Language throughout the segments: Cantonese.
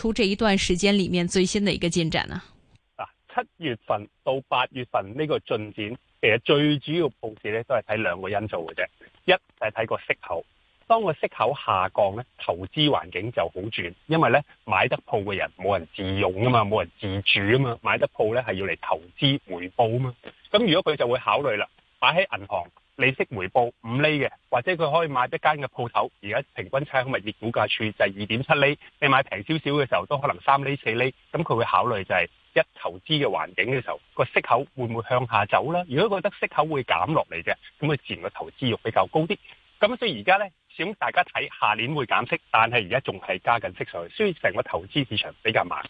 出這一段時間裏面最新的一個進展呢、啊？嗱，七月份到八月份呢個進展，其實最主要鋪市咧都係睇兩個因素嘅啫，一就係睇個息口，當個息口下降咧，投資環境就好轉，因為咧買得鋪嘅人冇人自用啊嘛，冇人自住啊嘛，買得鋪咧係要嚟投資回報啊嘛，咁如果佢就會考慮啦，擺喺銀行。利息回報五厘嘅，或者佢可以買一間嘅鋪頭。而家平均差開物業估價處就係二點七厘，你買平少少嘅時候都可能三厘四厘。咁佢會考慮就係、是、一投資嘅環境嘅時候，個息口會唔會向下走啦？如果覺得息口會減落嚟嘅，咁佢自然個投資欲比較高啲。咁所以而家呢，始終大家睇下年會減息，但係而家仲係加緊息上去，所以成個投資市場比較慢。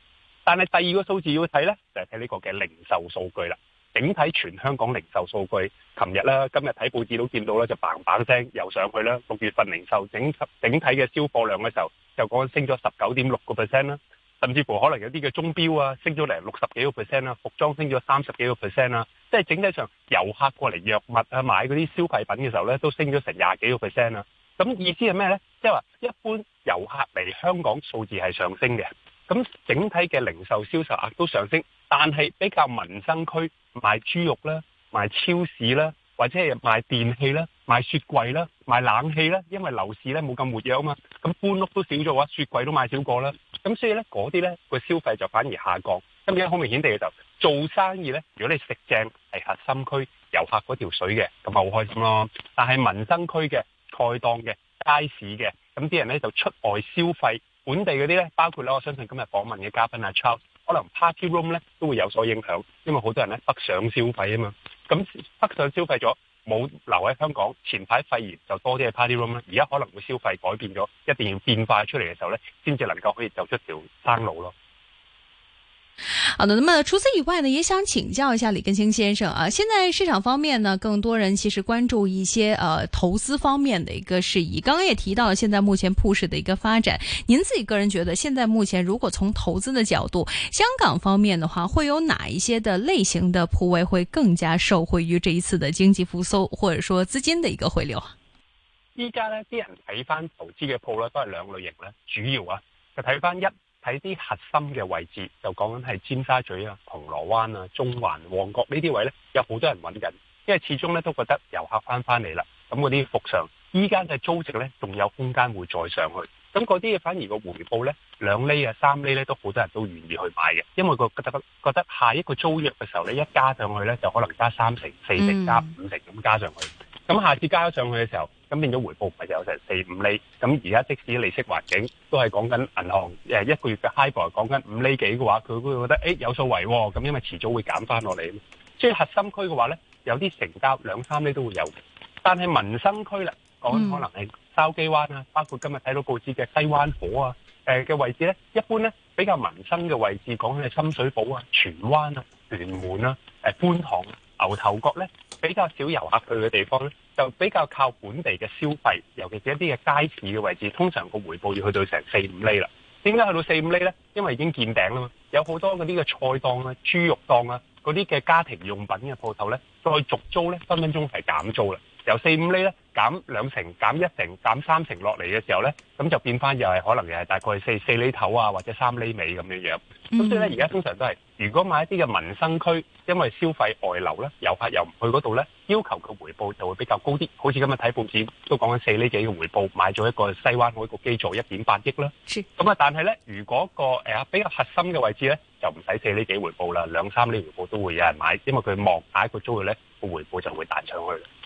但係第二個數字要睇呢，就係睇呢個嘅零售數據啦。整體全香港零售數據，琴日咧、今日睇報紙都見到咧，就嘭嘭聲又上去啦。六月份零售整整體嘅銷貨量嘅時候，就講升咗十九點六個 percent 啦。甚至乎可能有啲嘅鐘錶啊，升咗嚟六十幾個 percent 啊，服裝升咗三十幾個 percent 啊。即係整體上遊客過嚟藥物啊，買嗰啲消費品嘅時候咧，都升咗成廿幾個 percent 啊。咁意思係咩咧？即係話一般遊客嚟香港數字係上升嘅。咁整體嘅零售銷售額都上升，但係比較民生區賣豬肉啦、賣超市啦，或者係賣電器啦、賣雪櫃啦、賣冷氣啦，因為樓市咧冇咁活躍啊嘛，咁搬屋都少咗啊，雪櫃都賣少過啦，咁所以咧嗰啲咧個消費就反而下降。咁而家好明顯地就係、做生意咧，如果你食正係核心區遊客嗰條水嘅，咁咪好開心咯。但係民生區嘅菜檔嘅街市嘅，咁啲人咧就出外消費。本地嗰啲呢包括咧，我相信今日訪問嘅嘉賓啊，Chris，可能 party room 呢都會有所影響，因為好多人呢北上消費啊嘛，咁北上消費咗冇留喺香港，前排肺炎就多啲嘅 party room 啦，而家可能會消費改變咗，一定要變化出嚟嘅時候呢，先至能夠可以走出條生路咯。好的，那麼除此以外呢，也想請教一下李根興先生啊。現在市場方面呢，更多人其實關注一些呃投資方面的一個事宜。剛剛也提到了，現在目前鋪市的一個發展，您自己個人覺得，現在目前如果從投資的角度，香港方面的話，會有哪一些的類型的鋪位會更加受惠於這一次的經濟復甦，或者說資金的一個回流啊？依家呢，啲人睇翻投資嘅鋪呢，都係兩類型咧，主要啊，就睇翻一。睇啲核心嘅位置，就講緊係尖沙咀啊、銅鑼灣啊、中環、旺角呢啲位呢，有好多人揾緊，因為始終呢都覺得遊客翻翻嚟啦，咁嗰啲服上依間嘅租值呢，仲有空間會再上去，咁嗰啲嘢反而個回報呢，兩厘啊、三厘呢，都好多人都願意去買嘅，因為佢覺得覺得下一個租約嘅時候呢，一加上去呢，就可能加三成、四成、加五成咁加上去，咁下次加上去嘅時候。咁變咗回報唔係有成四五厘，咁而家即使利息環境都係講緊銀行誒一個月嘅 HIBOR 講緊五厘幾嘅話，佢會覺得誒、欸、有數圍喎、哦，咁因為遲早會減翻落嚟。所以核心區嘅話咧，有啲成交兩三厘都會有，但係民生區啦，講、嗯、可能係筲箕灣啊，包括今日睇到報紙嘅西灣河啊，嘅位置咧，一般咧比較民生嘅位置，講係深水埗啊、荃灣啊、屯門啊誒觀塘。牛頭角呢，比較少遊客去嘅地方呢，就比較靠本地嘅消費，尤其是一啲嘅街市嘅位置，通常個回報要去到成四五厘啦。點解去到四五厘呢？因為已經見頂啦嘛，有好多嗰啲嘅菜檔啊、豬肉檔啊、嗰啲嘅家庭用品嘅鋪頭呢，再去續租呢，分分鐘係減租啦，由四五厘呢。減兩成、減一成、減三成落嚟嘅時候咧，咁就變翻又係可能又係大概四四釐頭啊，或者三釐尾咁樣樣。咁所以咧，而家通常都係如果買一啲嘅民生區，因為消費外流咧，遊客又唔去嗰度咧，要求佢回報就會比較高啲。好似今日睇報紙都講緊四釐幾嘅回報，買咗一個西灣河一個基座一點八億啦。咁啊，但係咧，如果個誒比較核心嘅位置咧，就唔使四釐幾回報啦，兩三釐回報都會有人買，因為佢望下一個租嘅咧，個回報就會彈上去。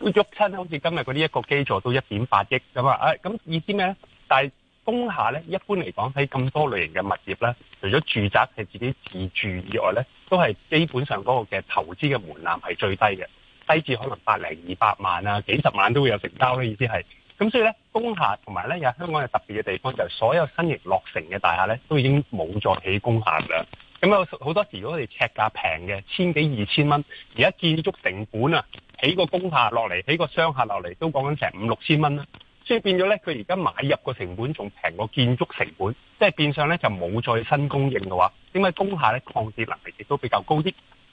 喐親咧，好似今日嗰啲一個基座都一點八億咁啊！唉，咁意思咩咧？但係工廈咧，一般嚟講喺咁多類型嘅物業咧，除咗住宅係自己自住以外咧，都係基本上嗰個嘅投資嘅門檻係最低嘅，低至可能百零二百萬啊，幾十萬都會有成交咧。意思係咁，所以咧工廈同埋咧有香港嘅特別嘅地方，就係、所有新型落成嘅大廈咧，都已經冇再起工廈啦。咁啊，好多時如果佢哋尺價平嘅千幾二千蚊，而家建築成本啊，起個工廈落嚟，起個商廈落嚟都講緊成五六千蚊啦，所以變咗咧，佢而家買入個成本仲平過建築成本，即係變相咧就冇再新供應嘅話，點解工廈咧抗跌能力亦都比較高啲？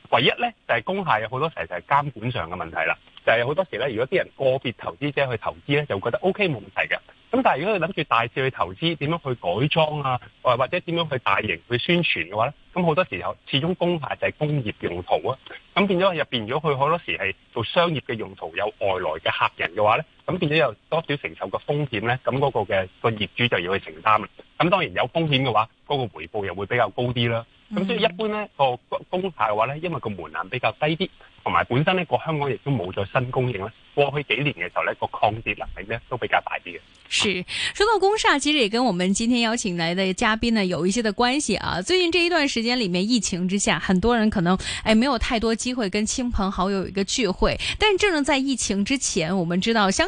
唯一咧就係工廈有好多時候就係監管上嘅問題啦，就係好多時咧，如果啲人個別投資者去投資咧，就覺得 OK 冇問題嘅。咁但係如果你諗住大肆去投資，點樣去改裝啊，或或者點樣去大型去宣傳嘅話咧，咁好多時候始終工廈就係工業用途啊，咁變咗入面如果佢好多時係做商業嘅用途，有外來嘅客人嘅話咧。咁變咗有多少承受嘅風險呢？咁嗰個嘅個業主就要去承擔啦。咁當然有風險嘅話，嗰、那個回報又會比較高啲啦。咁所以一般呢個工廈嘅話呢，因為個門檻比較低啲，同埋本身呢個香港亦都冇咗新供應咧，過去幾年嘅時候呢，個抗跌能力呢都比較大啲嘅。是，說到工廈、啊、其實也跟我們今天邀請來的嘉賓呢有一些嘅關係啊。最近這一段時間裏面，疫情之下，很多人可能誒、哎、沒有太多機會跟親朋好友一個聚會，但正正在疫情之前，我們知道香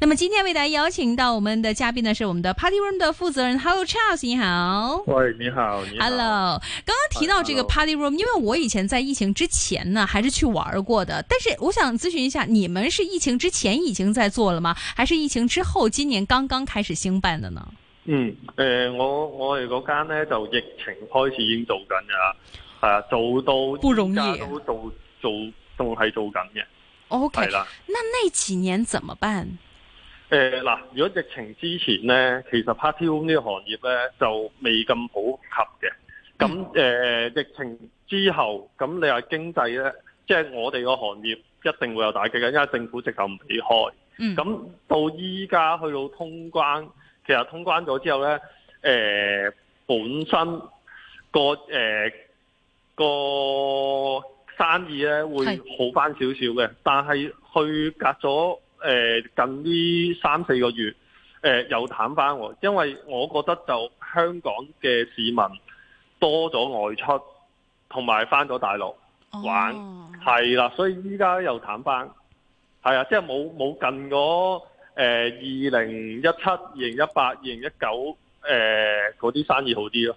那麼今天為大家邀請到我們的嘉賓呢，是我們的 Party Room 的負責人。Hello Charles，你好。喂，你好，你好。Hello，剛剛提到這個 Party Room，因為我以前在疫情之前呢，還是去玩過的。但是我想諮詢一下，你們是疫情之前已經在做了嗎？還是疫情之後今年剛剛開始興辦的呢？嗯，呃、我我哋嗰間呢，就疫情開始已經做緊嘅，啊，做到依家，都是做做仲係做緊嘅。O K，啦，okay, 了那那幾年怎麼辦？誒嗱、呃呃，如果疫情之前咧，其實 party room 呢個行業咧就未咁普及嘅。咁誒、嗯呃，疫情之後，咁你話經濟咧，即、就、係、是、我哋個行業一定會有打擊嘅，因為政府直頭唔畀開。咁、嗯嗯、到依家去到通關，其實通關咗之後咧，誒、呃、本身個誒個。呃個生意咧會好翻少少嘅，是但係去隔咗誒、呃、近呢三四個月，誒、呃、又淡翻喎。因為我覺得就香港嘅市民多咗外出，同埋翻咗大陸玩，係啦，oh，所以依家又淡翻，係啊，即係冇冇近嗰二零一七、二零一八、二零一九誒嗰啲生意好啲咯。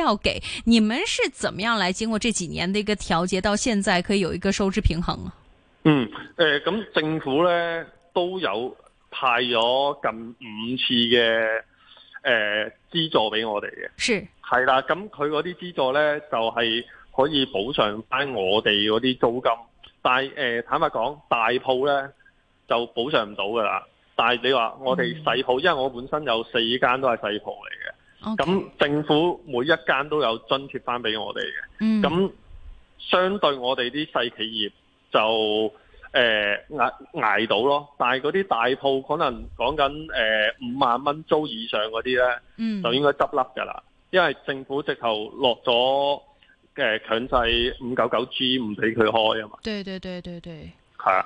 要給你們是怎麼樣來經過這幾年的一個調節，到現在可以有一個收支平衡啊？嗯，誒，咁政府咧都有派咗近五次嘅誒資助俾我哋嘅，是係啦，咁佢嗰啲資助咧就係可以補償翻我哋嗰啲租金，但係誒、呃、坦白講，大鋪咧就補償唔到噶啦，但係你話我哋細鋪，嗯、因為我本身有四間都係細鋪嚟。咁 Okay. 政府每一間都有津貼翻俾我哋嘅，咁、嗯、相對我哋啲細企業就誒捱捱到咯，但係嗰啲大鋪可能講緊誒五萬蚊租以上嗰啲呢，就應該執笠噶啦，嗯、因為政府直頭落咗嘅強制五九九 G 唔俾佢開啊嘛。對對對對對，係啊。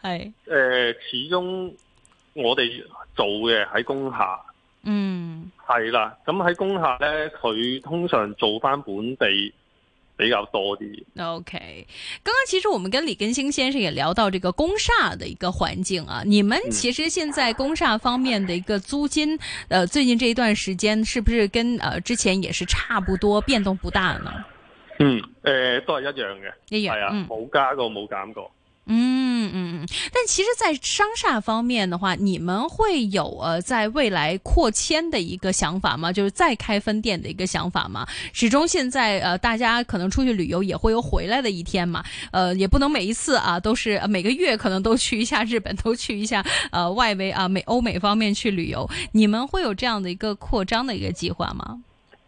係誒是、呃，始終我哋做嘅喺工廈，嗯，係啦，咁喺工廈咧，佢通常做翻本地比較多啲。OK，剛剛其實我們跟李根興先生也聊到這個工廈的一個環境啊，你們其實現在工廈方面的一個租金，嗯、呃，最近這一段時間是不是跟、呃、之前也是差不多變動不大呢？嗯，誒、呃，都係一樣嘅，一樣，冇加過，冇減過。嗯嗯，但其實，在商廈方面的話，你們會有呃，在未來擴遷的一個想法嗎？就是再開分店的一個想法嗎？始終現在呃，大家可能出去旅遊也會有回來的一天嘛，呃，也不能每一次啊都是每個月可能都去一下日本，都去一下呃外圍啊美歐美方面去旅遊，你們會有這樣的一個擴張的一個計劃嗎？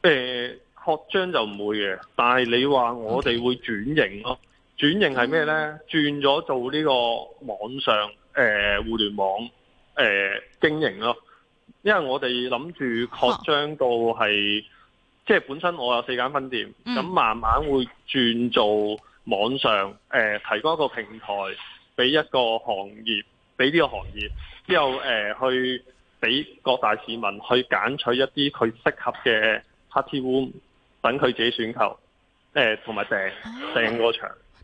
誒、呃，擴張就唔會嘅，但係你話我哋會轉型咯、啊。Okay. 轉型係咩呢？轉咗做呢個網上、呃、互聯網、呃、經營咯，因為我哋諗住擴張到係，oh. 即係本身我有四間分店，咁、mm. 慢慢會轉做網上、呃、提供一個平台俾一個行業，俾呢個行業之後、呃、去俾各大市民去揀取一啲佢適合嘅 party room，等佢自己選購誒，同、呃、埋訂訂個場。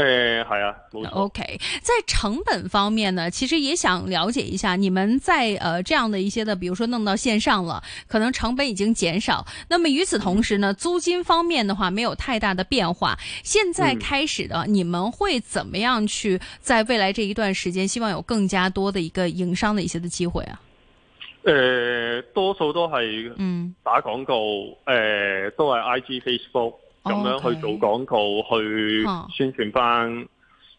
誒，係、呃、啊。OK，在成本方面呢，其實也想了解一下，你們在呃這樣的一些的，比如說弄到線上了，可能成本已經減少。那麼與此同時呢，嗯、租金方面的話沒有太大的變化。現在開始的，嗯、你們會怎麼樣去在未來這一段時間，希望有更加多的一個營商的一些的機會啊？誒、呃，多數都係，嗯，打廣告，誒、嗯呃，都係 IG Facebook。咁樣去做廣告，Okay. 去宣傳翻，Huh.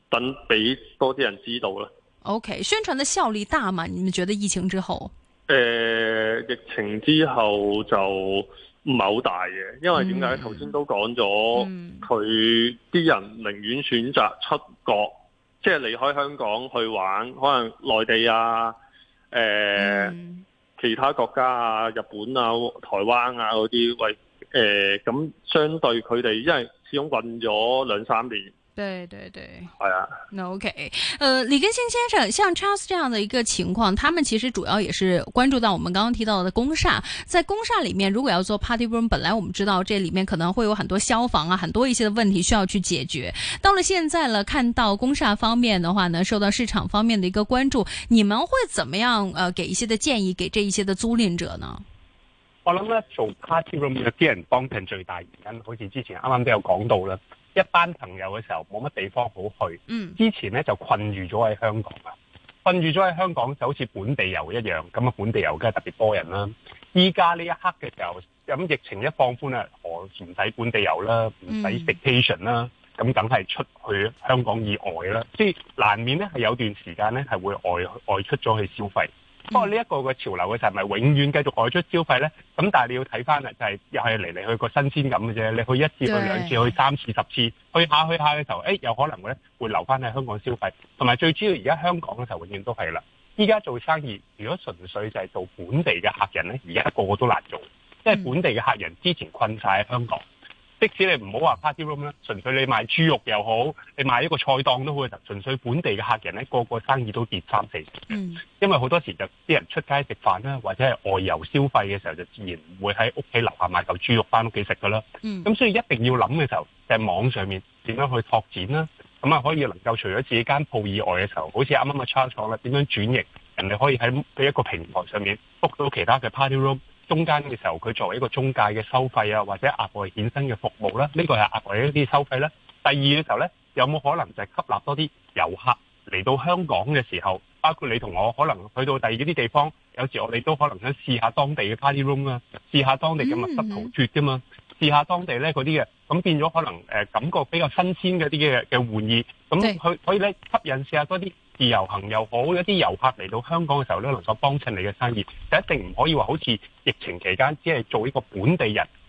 等俾多啲人知道啦。O、okay. K，宣傳嘅效力大嘛？你哋覺得疫情之後？誒、呃，疫情之後就唔係好大嘅。因為點解頭先都講咗，佢啲、mm. 人寧願選擇出國，即係離開香港去玩，可能內地啊，誒、呃，mm. 其他國家啊，日本啊，台灣啊嗰啲為。呃，咁相對佢哋因為始終滾咗兩三年，對對對，係啊，那 OK，呃，李根興先生，像 Charles 這樣的一個情況，他們其實主要也是關注到我們剛剛提到的工廈在工廈裏面，如果要做 party room，本來我們知道這裏面可能會有很多消防啊，很多一些的問題需要去解決。到了現在呢，看到工廈方面的話呢，受到市場方面的一個關注，你們會怎麼樣？呃，給一些的建議給這一些的租賃者呢？我諗咧做 party room 啲人幫襯最大原因，好似之前啱啱都有講到啦，一班朋友嘅時候冇乜地方好去。嗯，之前咧就困住咗喺香港啊，困住咗喺香港就好似本地遊一樣。咁啊，本地遊梗係特別多人啦。依家呢一刻嘅時候，咁疫情一放寬啊，我唔使本地遊啦，唔使 destination 啦，咁梗係出去香港以外啦，即係難免咧係有段時間咧係會外外出咗去消費。嗯、不過呢一個潮流嘅就係咪永遠繼續外出消費呢？咁但係你要睇翻啊，就係又係嚟嚟去個新鮮感嘅啫。你去一次、去兩次、去三次、十次，去下、去下嘅時候、欸，誒有可能咧會、會留翻喺香港消費。同埋最主要而家香港嘅時候永遠都係啦。依家做生意如果純粹就係做本地嘅客人呢，而家個個都難做，即係本地嘅客人之前困晒喺香港。即使你唔好話 party room 啦，純粹你賣豬肉又好，你賣一個菜檔都好，就純粹本地嘅客人咧，個個生意都跌三四成、嗯、因為好多時就啲人出街食飯啦，或者係外遊消費嘅時候，就自然唔會喺屋企樓下買嚿豬肉翻屋企食噶啦。咁、嗯、所以一定要諗嘅時候，就是、網上面點樣去拓展啦？咁啊可以能夠除咗自己間鋪以外嘅時候，好似啱啱個 Chris 講啦，點樣轉型？人哋可以喺佢一個平台上面 book 到其他嘅 party room。中間嘅時候，佢作為一個中介嘅收費啊，或者額外衍生嘅服務啦，呢個係額外一啲收費咧、啊。第二嘅時候咧，有冇可能就係吸納多啲遊客嚟到香港嘅時候，包括你同我可能去到第二啲地方，有時我哋都可能想試下當地嘅 party room 啊，試下當地嘅密室逃脫㗎嘛，試下當地咧嗰啲嘅，咁變咗可能誒感覺比較新鮮嗰啲嘅嘅玩意，咁佢可以咧吸引試下多啲。自由行又好，一啲遊客嚟到香港嘅時候都能夠幫襯你嘅生意，就一定唔可以話好似疫情期間，只係做一個本地人。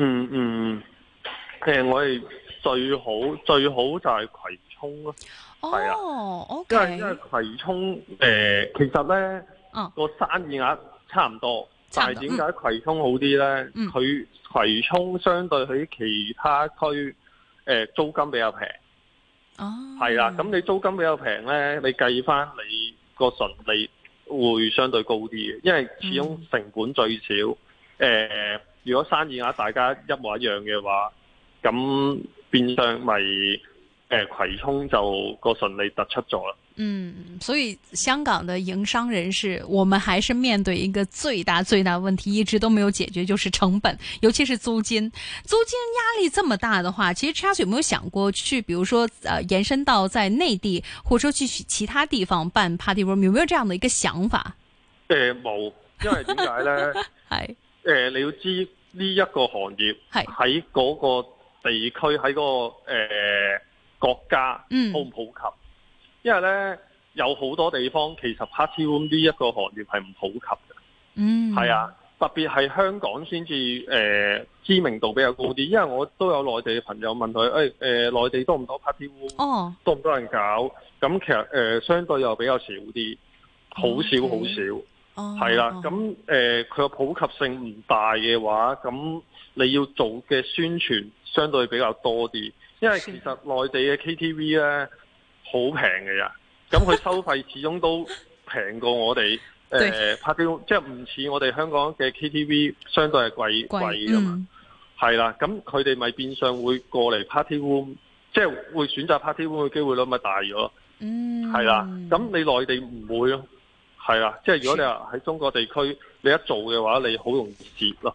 嗯嗯，誒、嗯，其實我哋最好最好就係葵涌咯，係啊、oh, okay.，因為因為葵涌誒、呃，其實咧、oh. 個生意額差唔多，多但係點解、嗯、葵涌好啲咧？佢葵涌相對喺其他區誒、呃，租金比較平，係啦、oh. 啊，咁你租金比較平咧，你計翻你個純利會相對高啲嘅，因為始終成本最少，誒、oh. 呃。如果生意額大家一模一樣嘅話，咁變相咪、就、誒、是呃，葵涌就個順利突出咗啦。嗯，所以香港的營商人士，我們還是面對一個最大最大問題，一直都沒有解決，就是成本，尤其是租金。租金壓力這麼大的話，其實 Chris 有沒有想過去，比如說、呃、延伸到在內地，或者說去其他地方辦 party room，有沒有這樣的一個想法？誒、呃，冇，因為點解咧？係、 哎。誒，你要知呢一、這個行業喺嗰個地區喺嗰、那個誒、呃、國家，普唔普及？嗯、因為呢有好多地方其實 party room 呢一個行業係唔普及嘅，係、嗯、啊，特別係香港先至誒知名度比較高啲。因為我都有內地嘅朋友問佢，誒、哎、誒、呃，內地多唔多 party room？、哦、多唔多人搞？咁、嗯、其實誒、呃、相對又比較少啲，好少好少。很少係啦，咁誒佢嘅普及性唔大嘅話，咁你要做嘅宣傳相對比較多啲，因為其實內地嘅 KTV 咧好平嘅呀，咁佢收費始終都平過我哋誒 party，即係唔似我哋香港嘅 KTV，相對係貴貴噶嘛，係啦，嗯，咁佢哋咪變相會過嚟 party room，即係會選擇 party room 嘅機會率咪大咗，係啦，嗯，咁你內地唔會咯。係啊，即係如果你話喺中國地區，你一做嘅話，你好容易蝕咯。